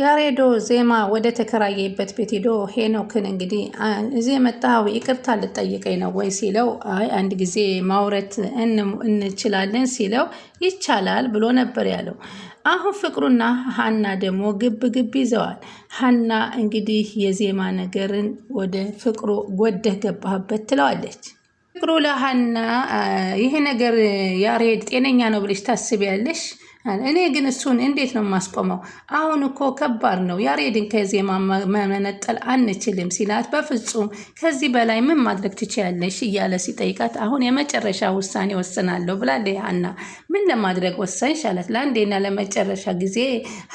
ያሬዶ ዜማ ወደ ተከራየበት ቤት ሄዶ ሄኖክን እንግዲህ እዚህ የመጣው ይቅርታ ልጠይቀኝ ነው ወይ ሲለው፣ አይ አንድ ጊዜ ማውረት እንችላለን ሲለው፣ ይቻላል ብሎ ነበር ያለው። አሁን ፍቅሩና ሀና ደግሞ ግብ ግብ ይዘዋል። ሀና እንግዲህ የዜማ ነገርን ወደ ፍቅሩ ጎደህ ገባህበት ትለዋለች። ፍቅሩ ለሀና ይሄ ነገር ያሬድ ጤነኛ ነው ብለሽ ታስቢያለሽ? እኔ ግን እሱን እንዴት ነው የማስቆመው? አሁን እኮ ከባድ ነው፣ ያሬድን ከዜማ መነጠል አንችልም ሲላት፣ በፍጹም ከዚህ በላይ ምን ማድረግ ትችያለሽ እያለ ሲጠይቃት፣ አሁን የመጨረሻ ውሳኔ ወስናለሁ ብላለች ሀና። ምን ለማድረግ ወሰንሽ አላት። ለአንዴና ለመጨረሻ ጊዜ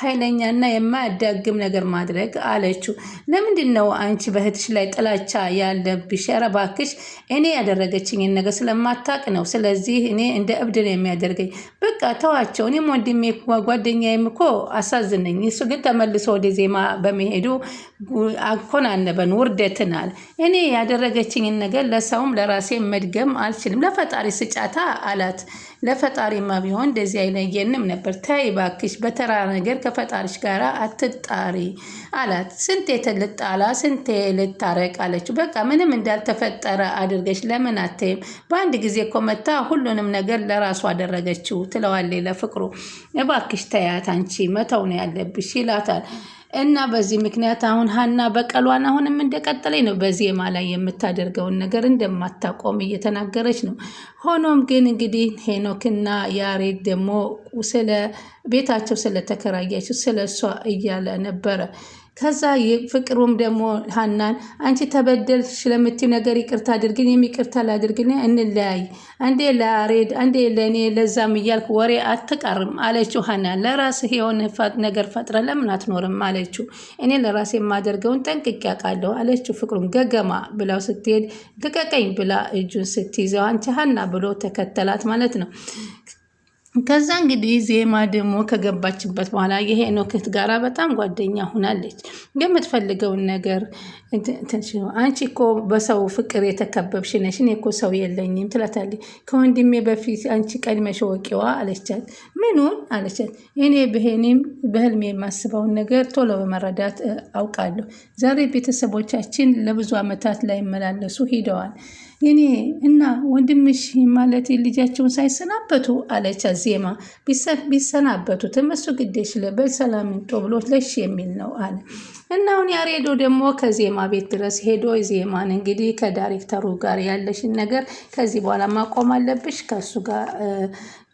ኃይለኛና የማያዳግም ነገር ማድረግ አለችው። ለምንድን ነው አንቺ በእህትሽ ላይ ጥላቻ ያለብሽ? ኧረ እባክሽ እኔ ያደረገችኝን ነገር ስለማታቅ ነው። ስለዚህ እኔ እንደ እብድ ነው የሚያደርገኝ። በቃ ተዋቸው እኔም ወንድሜ ጓደኛዬም እኮ አሳዝነኝ። እሱ ግን ተመልሶ ወደ ዜማ በመሄዱ አኮናነበን ውርደትናል። እኔ ያደረገችኝን ነገር ለሰውም ለራሴ መድገም አልችልም። ለፈጣሪ ስጫታ አላት። ለፈጣሪማ ቢሆን እንደዚህ አይለየንም ነበር። ተይ እባክሽ በተራ ነገር ከፈጣሪሽ ጋር አትጣሪ አላት። ስንቴ ልጣላ ስንቴ ልታረቅ አለችው። በቃ ምንም እንዳልተፈጠረ አድርገሽ ለምን አትይም? በአንድ ጊዜ እኮ መታ ሁሉንም ነገር ለራሱ አደረገችው ትለዋለች ለፍቅሩ። እባክሽ ተያት አንቺ መተው ነው ያለብሽ ይላታል። እና በዚህ ምክንያት አሁን ሀና በቀሏን አሁንም እንደቀጠለኝ ነው። በዜማ ላይ የምታደርገውን ነገር እንደማታቆም እየተናገረች ነው። ሆኖም ግን እንግዲህ ሄኖክና ያሬድ ደግሞ ስለ ቤታቸው ስለተከራያቸው ስለ እሷ እያለ ነበረ ከዛ ፍቅሩም ደግሞ ሀናን አንቺ ተበደል ስለምትይው ነገር ይቅርታ አድርግን፣ የሚቅርታ ላድርግን፣ እንለያይ፣ አንዴ ለአሬድ አንዴ ለእኔ ለዛም እያልክ ወሬ አትቀርም አለችው። ሀናን ለራስህ የሆነ ነገር ፈጥረ ለምን አትኖርም አለችው። እኔ ለራሴ የማደርገውን ጠንቅቄ አውቃለሁ አለችው። ፍቅሩም ገገማ ብላው ስትሄድ ልቀቀኝ ብላ እጁን ስትይዘው አንቺ ሀና ብሎ ተከተላት ማለት ነው። ከዛ እንግዲህ ዜማ ደግሞ ከገባችበት በኋላ የሄኖክ እህት ጋራ በጣም ጓደኛ ሆናለች። የምትፈልገውን ነገር አንቺ እኮ በሰው ፍቅር የተከበብሽ ነሽ፣ እኔ እኮ ሰው የለኝም ትላታለች። ከወንድሜ በፊት አንቺ ቀድመሽ ወቂዋ አለቻት። ምኑን አለቻት። እኔ ብሄኔም በህልሜ የማስበውን ነገር ቶሎ በመረዳት አውቃለሁ። ዛሬ ቤተሰቦቻችን ለብዙ ዓመታት ላይመላለሱ ሂደዋል። የኔ እና ወንድምሽ ማለት ልጃቸውን ሳይሰናበቱ አለች ዜማ። ቢሰናበቱትም እሱ ግዴሽ ሰላም እንጦ ብሎ ለሽ የሚል ነው አለ እና አሁን ያሬዶ ደግሞ ከዜማ ቤት ድረስ ሄዶ ዜማን እንግዲህ ከዳይሬክተሩ ጋር ያለሽን ነገር ከዚህ በኋላ ማቆም አለብሽ ከእሱ ጋር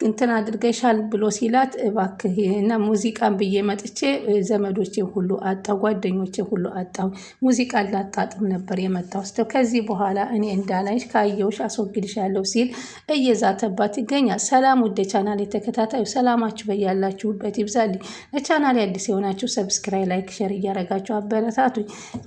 እንትን አድርገሻል ብሎ ሲላት እባክህ እና ሙዚቃን ብዬ መጥቼ ዘመዶቼ ሁሉ አጣው፣ ጓደኞቼ ሁሉ አጣው። ሙዚቃን ላጣጥም ነበር የመጣው ስ ከዚህ በኋላ እኔ እንዳላይሽ ካየውሽ አስወግድሻለሁ ሲል እየዛተባት ይገኛል። ሰላም ወደ ቻናል የተከታታዩ ሰላማችሁ በያላችሁበት ይብዛልኝ። ለቻናል አዲስ የሆናችሁ ሰብስክራይ፣ ላይክ፣ ሸር እያረጋችሁ አበረታቱ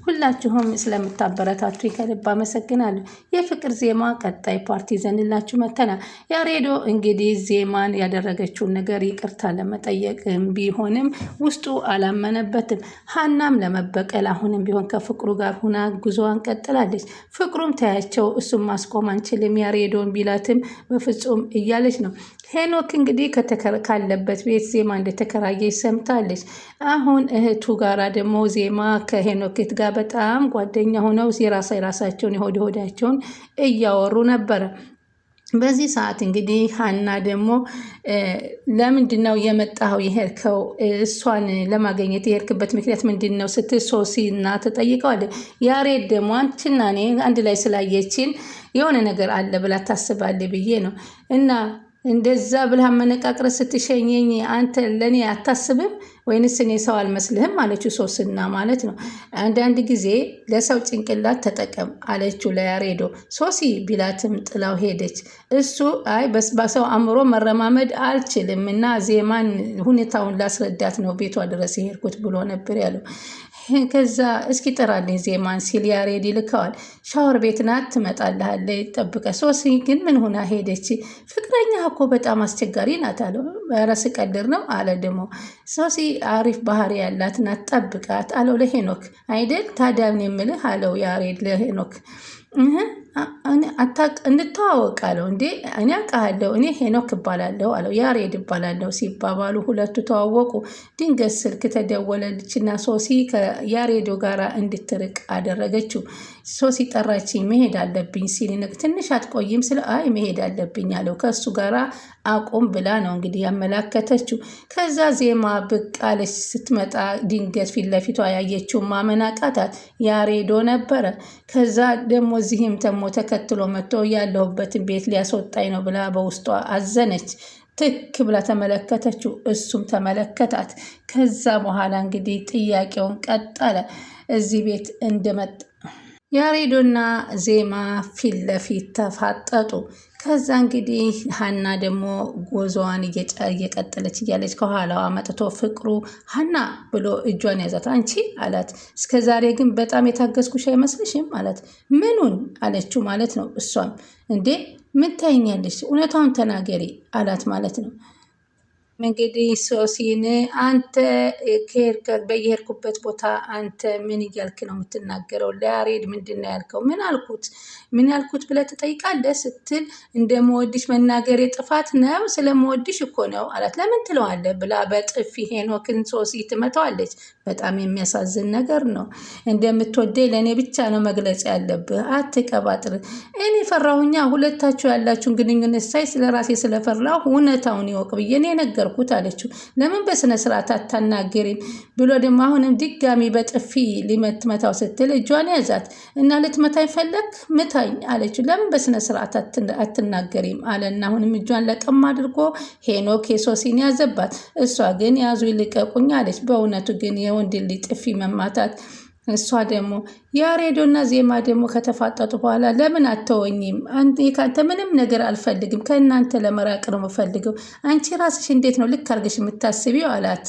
ሁላችሁም ስለምታበረታቱኝ ከልብ አመሰግናለሁ። የፍቅር ዜማ ቀጣይ ፓርቲ ዘንላችሁ መተናል። ያሬዶ እንግዲህ ኤማን ያደረገችውን ነገር ይቅርታ ለመጠየቅ ቢሆንም ውስጡ አላመነበትም። ሀናም ለመበቀል አሁንም ቢሆን ከፍቅሩ ጋር ሁና ጉዞዋን ቀጥላለች። ፍቅሩም ተያቸው፣ እሱም ማስቆም አንችልም ያሬዶን ቢላትም በፍጹም እያለች ነው። ሄኖክ እንግዲህ ካለበት ቤት ዜማ እንደተከራየች ሰምታለች። አሁን እህቱ ጋራ ደግሞ ዜማ ከሄኖክት ጋር በጣም ጓደኛ ሆነው የራሳ የራሳቸውን የሆድ ሆዳቸውን እያወሩ ነበረ። በዚህ ሰዓት እንግዲህ ሀና ደግሞ ለምንድን ነው የመጣኸው የሄድከው? እሷን ለማገኘት የሄድክበት ምክንያት ምንድን ነው ስትል እና ተጠይቀዋል። ያሬድ ደግሞ አንቺና እኔ አንድ ላይ ስላየችን የሆነ ነገር አለ ብላ ታስባለች ብዬ ነው እና እንደዛ ብላ መነቃቅረ ስትሸኘኝ አንተ ለእኔ አታስብም ወይንስ እኔ ሰው አልመስልህም አለችው ሶስና ማለት ነው። አንዳንድ ጊዜ ለሰው ጭንቅላት ተጠቀም አለችው ለያሬዶ ሶሲ ቢላትም ጥላው ሄደች። እሱ አይ በሰው አእምሮ መረማመድ አልችልም እና ዜማን ሁኔታውን ላስረዳት ነው ቤቷ ድረስ የሄድኩት ብሎ ነበር ያለው። ከዛ እስኪ ጥራልኝ ዜማን ሲል ያሬድ ይልከዋል። ሻወር ቤት ናት ትመጣልሃለች ጠብቀህ። ሶሲ ግን ምን ሆና ሄደች? ፍቅረኛ እኮ በጣም አስቸጋሪ ናት አለው። ኧረ ስቀልድ ነው አለ ደግሞ። ሶሲ አሪፍ ባህሪ ያላት ናት ጠብቃት አለው ለሄኖክ። አይደል ታዲያ ምን የምልህ አለው ያሬድ ለሄኖክ አታውቅ አለው። እንዴ እኔ አውቃለሁ እኔ ሄኖክ እባላለሁ አለው ያሬድ እባላለሁ ሲባባሉ ሁለቱ ተዋወቁ። ድንገት ስልክ ተደወለልችና ሶሲ ከያሬዶ ጋር እንድትርቅ አደረገችው። ሶሲ ጠራችኝ መሄድ አለብኝ ሲል ሲልንቅ ትንሽ አትቆይም ስለ አይ መሄድ አለብኝ አለው። ከእሱ ጋራ አቁም ብላ ነው እንግዲህ ያመላከተችው። ከዛ ዜማ ብቅ አለች። ስትመጣ ድንገት ፊት ለፊቷ ያየችውን ማመን ያሬዶ ነበረ። ከዛ ደግሞ እዚህም ደግሞ ተከትሎ መጥቶ ያለሁበትን ቤት ሊያስወጣኝ ነው ብላ በውስጧ አዘነች። ትክ ብላ ተመለከተችው፣ እሱም ተመለከታት። ከዛ በኋላ እንግዲህ ጥያቄውን ቀጠለ። እዚህ ቤት እንደመጣ ያሬዶና ዜማ ፊት ለፊት ተፋጠጡ። ከዛ እንግዲህ ሀና ደግሞ ጎዞዋን እየቀጠለች እያለች ከኋላዋ መጥቶ ፍቅሩ ሀና ብሎ እጇን ያዛት። አንቺ አላት። እስከ ዛሬ ግን በጣም የታገዝኩሽ አይመስልሽም? አላት። ምኑን አለችው ማለት ነው። እሷም እንዴ ምን ታይኛለሽ? እውነቷን ተናገሪ አላት ማለት ነው። እንግዲህ ሶሲን አንተ በየሄድኩበት ቦታ አንተ ምን እያልክ ነው የምትናገረው? ለያሬድ ምንድን ነው ያልከው? ምን አልኩት ምን ያልኩት ብለህ ትጠይቃለህ ስትል እንደምወድሽ መናገር ጥፋት ነው ስለምወድሽ እኮ ነው አላት። ለምን ትለዋለህ ብላ በጥፊ ሄኖክን ሶሲ ትመታዋለች። በጣም የሚያሳዝን ነገር ነው። እንደምትወደ ለእኔ ብቻ ነው መግለጽ ያለብህ፣ አትቀባጥር። እኔ ፈራሁኛ ሁለታችሁ ያላችሁን ግንኙነት ሳይ ስለራሴ ስለፈራሁ እውነታውን ይወቅ ብዬ ነው ያደረኩት አለችው። ለምን በስነ ስርዓት አታናገሪም ብሎ ደግሞ አሁንም ድጋሚ በጥፊ ሊመትመታው ስትል እጇን ያዛት እና ልትመታኝ ፈለግ ምታኝ አለችው። ለምን በስነ ስርዓት አትናገሪም አለና አሁንም እጇን ለቀም አድርጎ ሄኖክ የሶሲን ያዘባት። እሷ ግን ያዙ ይልቀቁኝ አለች። በእውነቱ ግን የወንድ ልጅ ጥፊ መማታት እሷ ደግሞ ያሬዶና ዜማ ደግሞ ከተፋጠጡ በኋላ ለምን አተወኝም? ከአንተ ምንም ነገር አልፈልግም፣ ከእናንተ ለመራቅ ነው የምፈልገው። አንቺ ራስሽ እንዴት ነው ልክ አድርገሽ የምታስቢው? አላት።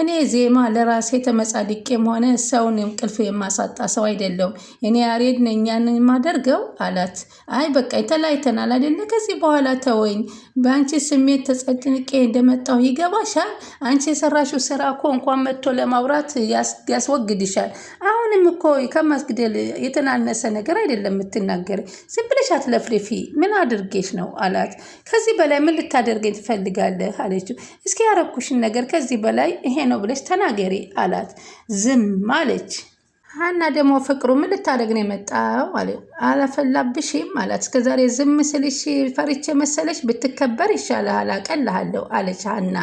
እኔ ዜማ ለራሴ ተመጻድቄም ሆነ ሰውን እንቅልፍ የማሳጣ ሰው አይደለውም። እኔ ያሬድ ነኛን የማደርገው አላት። አይ በቃ ተለያይተናል አይደለ? ከዚህ በኋላ ተወኝ። በአንቺ ስሜት ተጸድንቄ እንደመጣሁ ይገባሻል። አንቺ የሰራሽው ስራ እኮ እንኳን መጥቶ ለማውራት ያስወግድሻል። አሁን አሁንም እኮ ከማስግደል የተናነሰ ነገር አይደለም የምትናገር። ዝም ብለሽ አትለፍልፊ፣ ምን አድርጌሽ ነው አላት። ከዚህ በላይ ምን ልታደርገኝ ትፈልጋለህ አለችው። እስኪ ያረኩሽን ነገር ከዚህ በላይ ይሄ ነው ብለሽ ተናገሪ አላት። ዝም አለች። ሀና ደግሞ ፍቅሩ ምን ልታደርግ ነው የመጣው? አለ አላፈላብሽም አላት። እስከዛሬ ዝም ስልሽ ፈርቼ መሰለሽ? ብትከበር ይሻልሃል፣ አቀልሃለሁ አለች ሀና።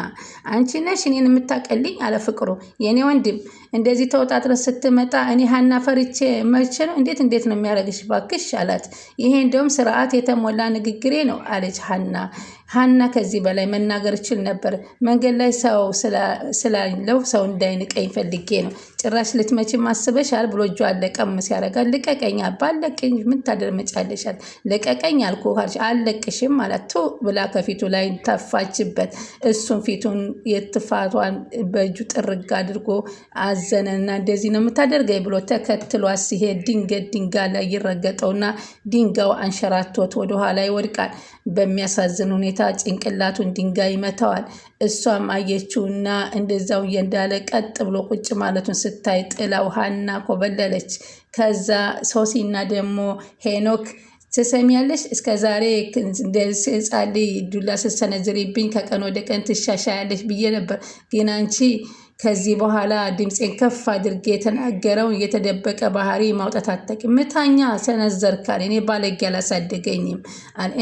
አንቺ ነሽ እኔን የምታቀልኝ አለ ፍቅሩ። የእኔ ወንድም እንደዚህ ተወጣጥረ ስትመጣ እኔ ሀና ፈርቼ መቼ ነው? እንዴት እንዴት ነው የሚያደርግሽ? ባክሽ አላት። ይሄ እንደውም ስርዓት የተሞላ ንግግሬ ነው አለች ሀና። ሀና ከዚህ በላይ መናገር እችል ነበር። መንገድ ላይ ሰው ስላለው ሰው እንዳይንቀኝ ፈልጌ ነው። ጭራሽ ልትመችም አስበሻል ብሎ እጇ አለቀም ሲያደርጋል፣ ልቀቀኝ አባ አለቅኝ፣ ምን ታደርመጫለሻል? ልቀቀኝ አልኩህ አለቅሽም ማለት ቱ ብላ ከፊቱ ላይ ተፋችበት። እሱም ፊቱን የትፋቷን በእጁ ጥርግ አድርጎ አዘነና እንደዚህ ነው የምታደርገኝ ብሎ ተከትሏት ሲሄድ ድንገት ድንጋ ላይ ይረገጠውና ድንጋው አንሸራቶት ወደኋላ ይወድቃል በሚያሳዝን ሁኔታ ጭንቅላቱን ድንጋይ ይመታዋል። እሷም አየችውና እንደዛው እንዳለ ቀጥ ብሎ ቁጭ ማለቱን ስታይ ጥላ ውሃና ኮበለለች። ከዛ ሶሲና ደግሞ ሄኖክ ትሰሚያለሽ፣ እስከ ዛሬ ህፃን ዱላ ስትሰነዝሪብኝ ከቀን ወደ ቀን ትሻሻያለሽ ብዬ ነበር ግን አንቺ ከዚህ በኋላ ድምፄን ከፍ አድርጌ የተናገረውን የተደበቀ ባህሪ ማውጣት አጠቅ ምታኛ ሰነዘርካል። እኔ ባለጌ አላሳደገኝም።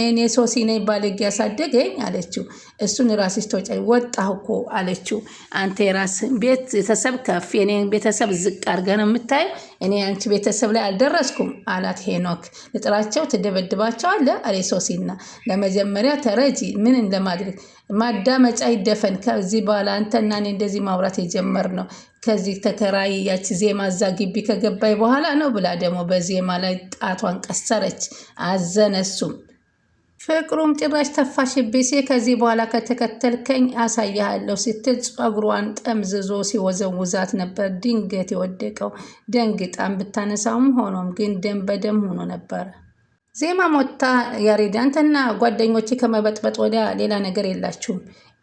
እኔ ሶሲ ነኝ ባለጌ ያሳደገኝ አለችው። እሱን ራስሽ ተወጫኝ ወጣሁ እኮ አለችው። አንተ የራስህን ቤተሰብ ከፍ የኔን ቤተሰብ ዝቅ አድርገህ ነው የምታየው። እኔ አንቺ ቤተሰብ ላይ አልደረስኩም አላት ሄኖክ። ልጥራቸው ትደበድባቸዋለ አለ ሶሲና። ለመጀመሪያ ተረጂ ምን ለማድረግ ማዳመጫ ይደፈን። ከዚህ በኋላ አንተና እኔ እንደዚህ ማውራት ነው ከዚህ ተከራይ ያቺ ዜማ እዛ ግቢ ከገባይ በኋላ ነው ብላ ደግሞ በዜማ ላይ ጣቷን ቀሰረች። አዘነሱም ፍቅሩም ጭራሽ ተፋሽቤሴ ከዚህ በኋላ ከተከተልከኝ አሳያለሁ ስትል ጸጉሯን ጠምዝዞ ሲወዘውዛት ነበር። ድንገት የወደቀው ደንግጣም ብታነሳውም ሆኖም ግን ደም በደም ሆኖ ነበር። ዜማ ሞታ ያሬድ፣ አንተና ጓደኞቼ ከመበጥበጥ ወዲያ ሌላ ነገር የላችሁም።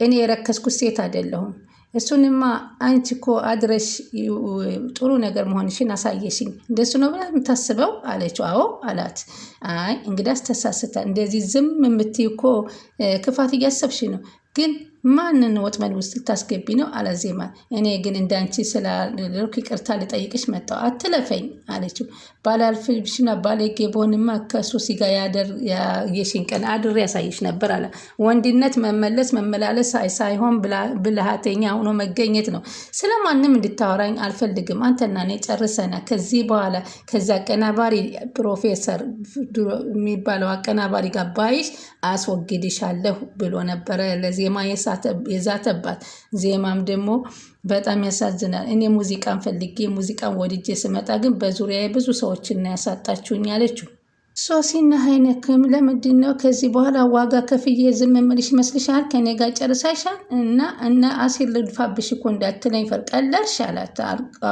እኔ የረከስኩ ሴት አይደለሁም። እሱንማ አንቺ እኮ አድረሽ ጥሩ ነገር መሆንሽን አሳየሽኝ። እንደሱ ነው ብላ የምታስበው አለችው። አዎ አላት። አይ እንግዲህ አስተሳስታ እንደዚህ ዝም የምትይ እኮ ክፋት እያሰብሽ ነው ግን ማንን ወጥመድ ውስጥ ልታስገቢ ነው? አለ ዜማ። እኔ ግን እንዳንቺ ስላልኩ ይቅርታ ልጠይቅሽ መጣሁ አትለፈኝ አለችው። ባላልፍሽና ባሌጌ በሆንማ ከሱሲ ጋር ያየሽን ቀን አድሬ ያሳይሽ ነበር አለ። ወንድነት መመለስ መመላለስ ሳይሆን ብልሃተኛ ሆኖ መገኘት ነው። ስለ ማንም እንድታወራኝ አልፈልግም። አንተና እኔ ጨርሰና ከዚህ በኋላ ከዚ አቀናባሪ ፕሮፌሰር የሚባለው አቀናባሪ ጋር ባይሽ አስወግድሻለሁ ብሎ ነበረ ለዜማ የሳ የዛተባት። ዜማም ደግሞ በጣም ያሳዝናል። እኔ ሙዚቃን ፈልጌ ሙዚቃን ወድጄ ስመጣ ግን በዙሪያዬ ብዙ ሰዎች እና ያሳጣችሁኝ አለችው። ሶሲና ሀይነክም ለምንድን ነው ከዚህ በኋላ ዋጋ ከፍዬ ዝም እምልሽ ይመስልሻል? ከኔ ጋር ጨርሰሻል እና እና አሲር ልድፋብሽ እኮ እንዳትለኝ ፈር ቀለድሽ አላት።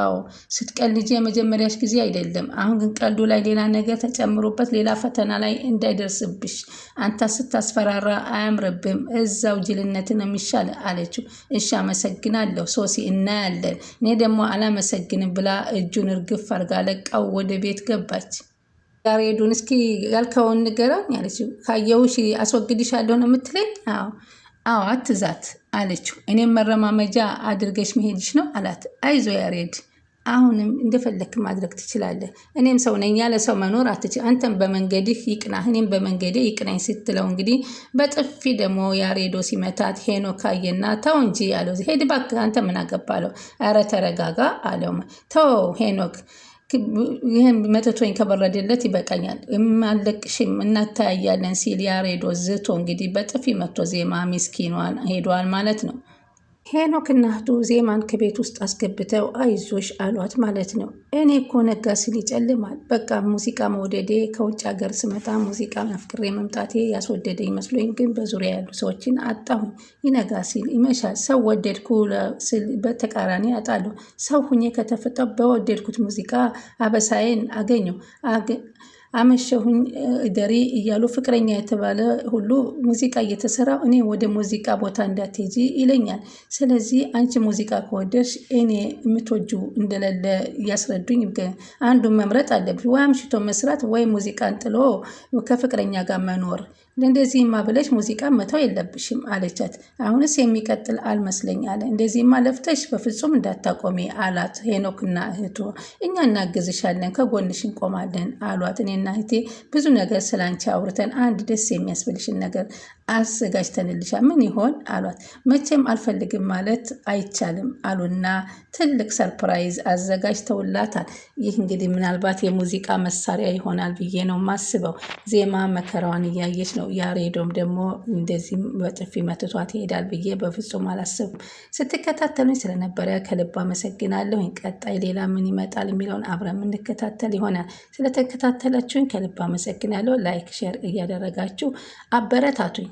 አዎ ስትቀልጂ የመጀመሪያሽ ጊዜ አይደለም። አሁን ግን ቀልዱ ላይ ሌላ ነገር ተጨምሮበት ሌላ ፈተና ላይ እንዳይደርስብሽ አንታ ስታስፈራራ አያምርብም። እዛው ጅልነትን የሚሻል አለችው። እሺ አመሰግናለሁ ሶሲ፣ እናያለን። እኔ ደግሞ አላመሰግንም ብላ እጁን እርግፍ አርጋ ለቃው ወደ ቤት ገባች። ያሬዱን እስኪ ያልከውን ንገረኝ አለችው። ካየሁሽ አስወግድሻለሁ ነው የምትለኝ? አዎ አዎ፣ አትዛት አለችው። እኔም መረማመጃ አድርገሽ መሄድሽ ነው አላት። አይዞ ያሬድ፣ አሁንም እንደፈለክ ማድረግ ትችላለህ። እኔም ሰው ነኝ፣ ያለ ሰው መኖር አትችል። አንተም በመንገድህ ይቅናህ፣ እኔም በመንገዴ ይቅናኝ ስትለው እንግዲህ በጥፊ ደግሞ ያሬዶ ሲመታት ሄኖ ካየና ተው እንጂ አለው። ሄድ እባክህ አንተ ምን አገባለው? ኧረ ተረጋጋ አለው። ተው ሄኖክ ይህን መጥቶኝ ከበረደለት ይበቃኛል፣ የማለቅሽም እናታያለን ሲል ያሬዶ ዝቶ እንግዲህ በጥፊ መቶ ዜማ ምስኪኗን ሄዷል ማለት ነው። ሄኖክ እናቱ ዜማን ከቤት ውስጥ አስገብተው አይዞሽ አሏት ማለት ነው። እኔ እኮ ነጋ ሲል ይጨልማል። በቃ ሙዚቃ መውደዴ ከውጭ ሀገር ስመጣ ሙዚቃ አፍቅሬ መምጣቴ ያስወደደ ይመስሎኝ፣ ግን በዙሪያ ያሉ ሰዎችን አጣሁኝ። ይነጋ ሲል ይመሻል። ሰው ወደድኩ ስል በተቃራኒ አጣለሁ። ሰው ሁኜ ከተፈጠው በወደድኩት ሙዚቃ አበሳዬን አገኘው። አመሸሁኝ እደሪ እያሉ ፍቅረኛ የተባለ ሁሉ ሙዚቃ እየተሰራ እኔ ወደ ሙዚቃ ቦታ እንዳትሄጂ ይለኛል። ስለዚህ አንቺ ሙዚቃ ከወደድሽ እኔ የምትወጁ እንደሌለ እያስረዱኝ አንዱን መምረጥ አለብሽ፣ ወይ አምሽቶ መስራት ወይ ሙዚቃን ጥሎ ከፍቅረኛ ጋር መኖር። እንደዚህማ ብለሽ ሙዚቃ መተው የለብሽም አለቻት። አሁንስ የሚቀጥል አልመስለኝ አለ። እንደዚህማ ለፍተሽ በፍጹም እንዳታቆሚ አላት ሄኖክና እህቱ። እኛ እናግዝሻለን፣ ከጎንሽ እንቆማለን አሏት። እኔ እና እህቴ ብዙ ነገር ስላንቺ አውርተን አንድ ደስ የሚያስብልሽን ነገር አዘጋጅተንልሻ ምን ይሆን አሏት። መቼም አልፈልግም ማለት አይቻልም አሉና ትልቅ ሰርፕራይዝ አዘጋጅተውላታል። ይህ እንግዲህ ምናልባት የሙዚቃ መሳሪያ ይሆናል ብዬ ነው ማስበው። ዜማ መከራዋን እያየች ነው። ያሬዶም ደግሞ እንደዚህም በጥፊ መትቷት ይሄዳል ብዬ በፍጹም አላስብም። ስትከታተሉኝ ስለነበረ ከልብ አመሰግናለሁ። ቀጣይ ሌላ ምን ይመጣል የሚለውን አብረን የምንከታተል ይሆናል። ስለተከታተላችሁኝ ከልብ አመሰግናለሁ። ላይክ፣ ሼር እያደረጋችሁ አበረታቱኝ።